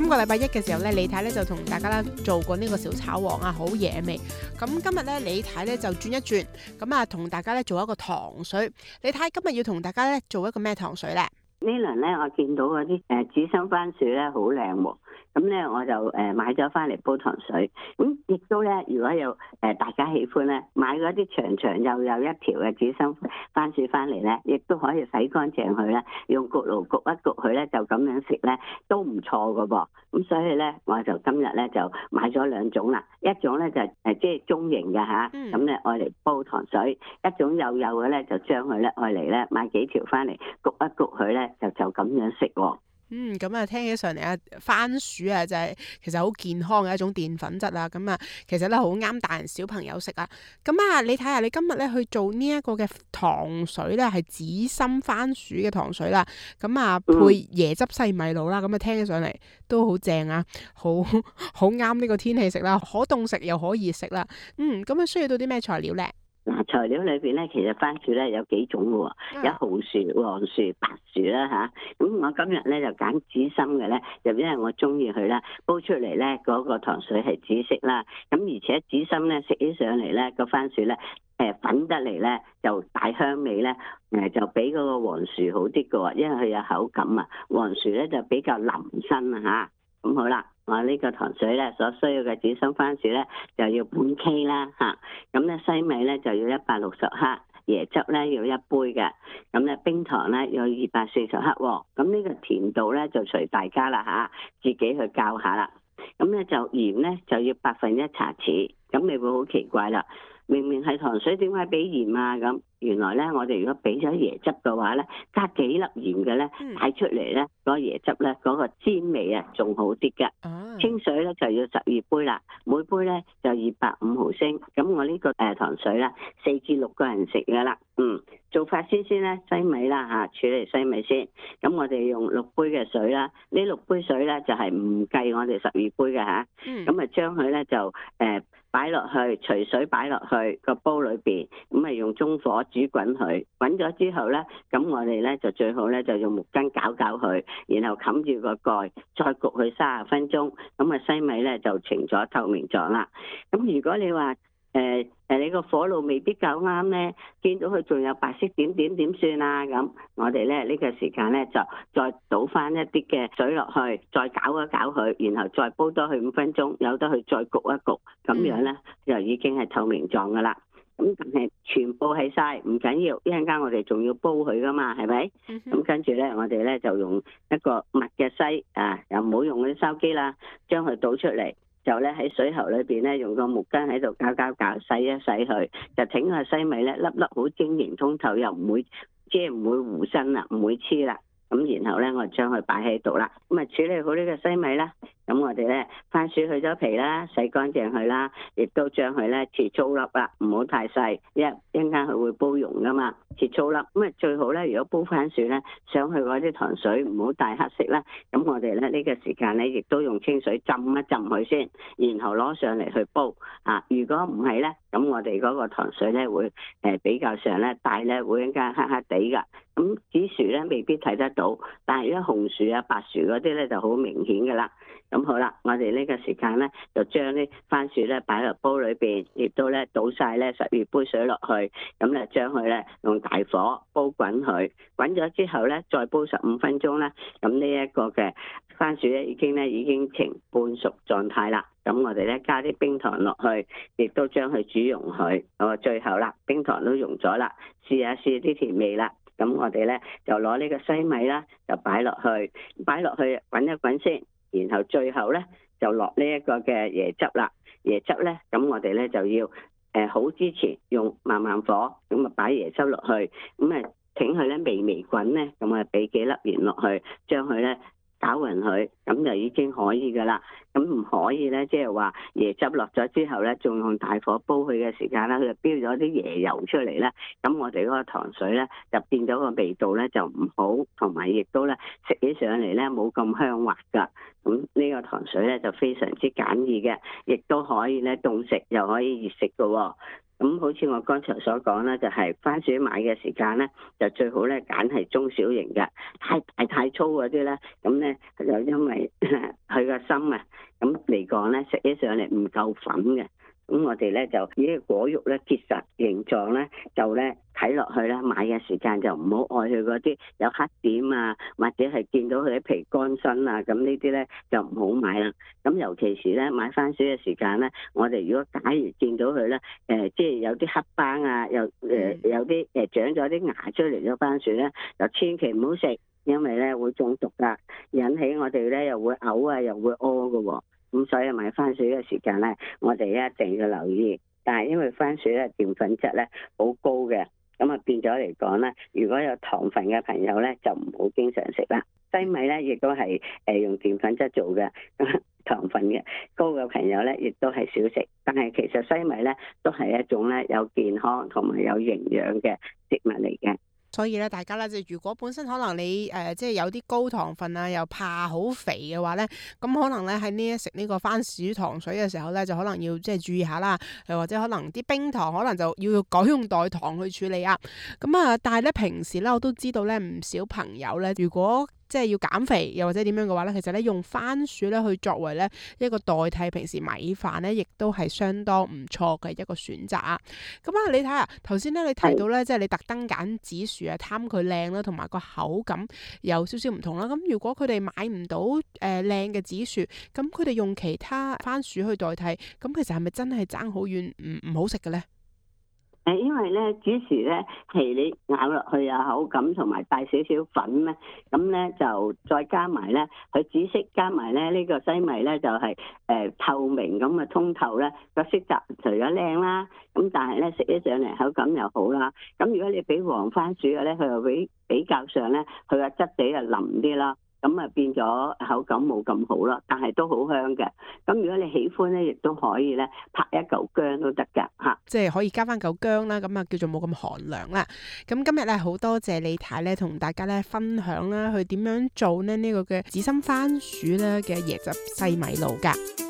今個禮拜一嘅時候咧，李太咧就同大家咧做過呢個小炒王啊，好惹味。咁今日咧，李太咧就轉一轉，咁啊同大家咧做一個糖水。李太今日要同大家咧做一個咩糖水咧？呢輪咧我見到嗰啲誒紫心番薯咧好靚喎。咁咧我就誒買咗翻嚟煲糖水，咁、嗯、亦都咧如果有誒、呃、大家喜歡咧，買嗰啲長長又有一條嘅紫心番薯翻嚟咧，亦都可以洗乾淨佢咧，用焗爐焗一焗佢咧，就咁樣食咧都唔錯噶噃。咁所以咧我就今日咧就買咗兩種啦，一種咧就誒即係中型嘅吓。咁咧愛嚟煲糖水；一種幼幼嘅咧就將佢咧愛嚟咧買幾條翻嚟焗一焗佢咧，就就咁樣食喎。嗯，咁啊，聽起上嚟啊，番薯啊，就係其實好健康嘅一種澱粉質啦。咁啊，其實咧好啱大人小朋友食啦。咁啊，你睇下，你今日咧去做呢一個嘅糖水咧，係紫心番薯嘅糖水啦。咁啊，配椰汁西米露啦。咁啊，聽起上嚟都好正啊，好好啱呢個天氣食啦，可凍食又可熱食啦。嗯，咁啊，需要到啲咩材料咧？嗱，材料裏邊咧，其實番薯咧有幾種嘅喎，有紅薯、黃薯、白薯啦吓，咁、啊、我今日咧就揀紫心嘅咧，就因為我中意佢啦，煲出嚟咧嗰個糖水係紫色啦。咁而且紫心咧食起上嚟咧，個番薯咧誒粉得嚟咧，又帶香味咧，誒就比嗰個黃薯好啲嘅喎，因為佢有口感啊。黃薯咧就比較腍身吓，咁、啊、好啦。我呢、啊呢個糖水咧，所需要嘅紫心番薯咧，就要半 K 啦嚇。咁、啊、咧西米咧就要一百六十克，椰汁咧要一杯嘅。咁、啊、咧冰糖咧要二百四十克喎。咁、啊、呢個甜度咧就隨大家啦嚇、啊，自己去教下啦。咁、啊、咧就鹽咧就要百分一茶匙，咁你會好奇怪啦。明明係糖水，點解俾鹽啊？咁原來咧，我哋如果俾咗椰汁嘅話咧，加幾粒鹽嘅咧，帶出嚟咧，嗰椰汁咧，嗰個滋味啊，仲好啲嘅。清水咧就要十二杯啦，每杯咧就二百五毫升。咁我呢個誒糖水咧，四至六個人食嘅啦。嗯，做法先先啦，西米啦嚇、啊，處理西米先。咁我哋用六杯嘅水啦，呢六杯水咧就係唔計我哋十二杯嘅嚇。啊、嗯。咁啊，將佢咧就誒。呃擺落去，除水擺落去個煲裏邊，咁咪用中火煮滾佢，滾咗之後呢，咁我哋呢就最好呢，就用木根攪攪佢，然後冚住個蓋，再焗佢三十分鐘，咁啊西米呢，就呈咗透明狀啦。咁如果你話，誒誒、呃，你個火爐未必夠啱咧，見到佢仲有白色點點，點算啊？咁我哋咧呢、呢個時間咧就再倒翻一啲嘅水落去，再攪一攪佢，然後再煲多佢五分鐘，由得佢再焗一焗，咁樣咧就已經係透明狀噶啦。咁但係全部係晒唔緊要，一陣間我哋仲要煲佢噶嘛，係咪？咁跟住咧，我哋咧就用一個密嘅篩啊，又唔好用嗰啲收機啦，將佢倒出嚟。就咧喺水喉裏邊咧，用個木根喺度攪攪攪，洗一洗佢，就整下西米咧，粒粒好晶瑩通透，又唔會，即係唔會糊身啦，唔會黐啦。咁然後咧，我就將佢擺喺度啦，咁啊處理好呢個西米啦。咁我哋咧番薯去咗皮啦，洗乾淨佢啦，亦都將佢咧切粗粒啦，唔好太細，一陣間佢會煲溶噶嘛，切粗粒。咁啊最好咧，如果煲番薯咧，上去嗰啲糖水唔好帶黑色啦。咁我哋咧呢個時間咧，亦都用清水浸一浸佢先，然後攞上嚟去煲。啊，如果唔係咧，咁我哋嗰個糖水咧會誒比較上咧帶咧會一陣間黑黑地㗎。咁紫薯咧未必睇得到，但係如果紅薯啊、白薯嗰啲咧就好明顯㗎啦。咁好啦，我哋呢個時間呢，就將啲番薯呢擺落煲裏邊，亦都呢倒晒呢十二杯水落去，咁呢將佢呢用大火煲滾佢，滾咗之後呢，再煲十五分鐘呢。咁呢一個嘅番薯呢已經呢已經呈半熟狀態啦。咁我哋呢加啲冰糖落去，亦都將佢煮溶佢。我最後啦，冰糖都溶咗啦，試下試啲甜味啦。咁我哋呢就攞呢個西米啦，就擺落去，擺落去滾一滾先。然後最後咧就落呢一個嘅椰汁啦，椰汁咧，咁我哋咧就要誒好、呃、之前用慢慢火，咁啊擺椰汁落去，咁啊請佢咧微微滾咧，咁啊俾幾粒鹽落去，將佢咧。炒匀佢，咁就已經可以噶啦。咁唔可以咧，即係話椰汁落咗之後咧，仲用大火煲佢嘅時間咧，佢就飆咗啲椰油出嚟咧。咁我哋嗰個糖水咧，就變咗個味道咧就唔好，同埋亦都咧食起上嚟咧冇咁香滑噶。咁呢個糖水咧就非常之簡易嘅，亦都可以咧凍食又可以熱食噶。咁好似我剛才所講咧，就係番薯買嘅時間咧，就最好咧揀係中小型嘅，太大太粗嗰啲咧，咁咧就因為佢個心啊，咁嚟講咧，食起上嚟唔夠粉嘅。咁我哋咧就以果肉咧結實形狀咧，就咧睇落去啦。買嘅時間就唔好愛佢嗰啲有黑點啊，或者係見到佢啲皮乾身啊，咁呢啲咧就唔好買啦。咁尤其是咧買番薯嘅時間咧，我哋如果假如見到佢咧，誒、呃、即係有啲黑斑啊，又、呃、誒、呃、有啲誒、呃、長咗啲芽出嚟嗰番薯咧，就千祈唔好食，因為咧會中毒噶，引起我哋咧又會嘔啊，又會屙噶喎。咁所以買番薯嘅時間咧，我哋一定要留意。但係因為番薯咧澱粉質咧好高嘅，咁啊變咗嚟講咧，如果有糖分嘅朋友咧，就唔好經常食啦。西米咧亦都係誒用澱粉質做嘅，咁糖分嘅高嘅朋友咧，亦都係少食。但係其實西米咧都係一種咧有健康同埋有營養嘅食物嚟嘅。所以咧，大家咧就如果本身可能你誒、呃、即係有啲高糖分啊，又怕好肥嘅話咧，咁可能咧喺呢一食呢個番薯糖水嘅時候咧，就可能要即係注意下啦，又或者可能啲冰糖可能就要改用代糖去處理啊。咁啊，但係咧平時咧我都知道咧唔少朋友咧，如果即係要減肥又或者點樣嘅話咧，其實咧用番薯咧去作為咧一個代替平時米飯咧，亦都係相當唔錯嘅一個選擇啊。咁啊，你睇下頭先咧，你提到咧，即係你特登揀紫薯啊，貪佢靚啦，同埋個口感有少少唔同啦。咁如果佢哋買唔到誒靚嘅紫薯，咁佢哋用其他番薯去代替，咁其實係咪真係爭好遠唔唔好食嘅咧？因為咧，紫薯咧係你咬落去有口感同埋帶少少粉咧，咁咧就再加埋咧，佢紫色加埋咧呢、這個西米咧就係、是、誒、呃、透明咁啊通透咧個色澤，除咗靚啦，咁但係咧食起上嚟口感又好啦。咁如果你俾黃番薯嘅咧，佢又會比較上咧佢個質地啊腍啲咯。咁啊，變咗口感冇咁好啦，但係都好香嘅。咁如果你喜歡咧，亦都可以咧，拍一嚿薑都得噶嚇。即係可以加翻嚿薑啦，咁啊叫做冇咁寒涼啦。咁今日咧好多謝李太咧，同大家咧分享啦，佢點樣做呢？呢、這個嘅紫心番薯咧嘅椰汁西米露㗎。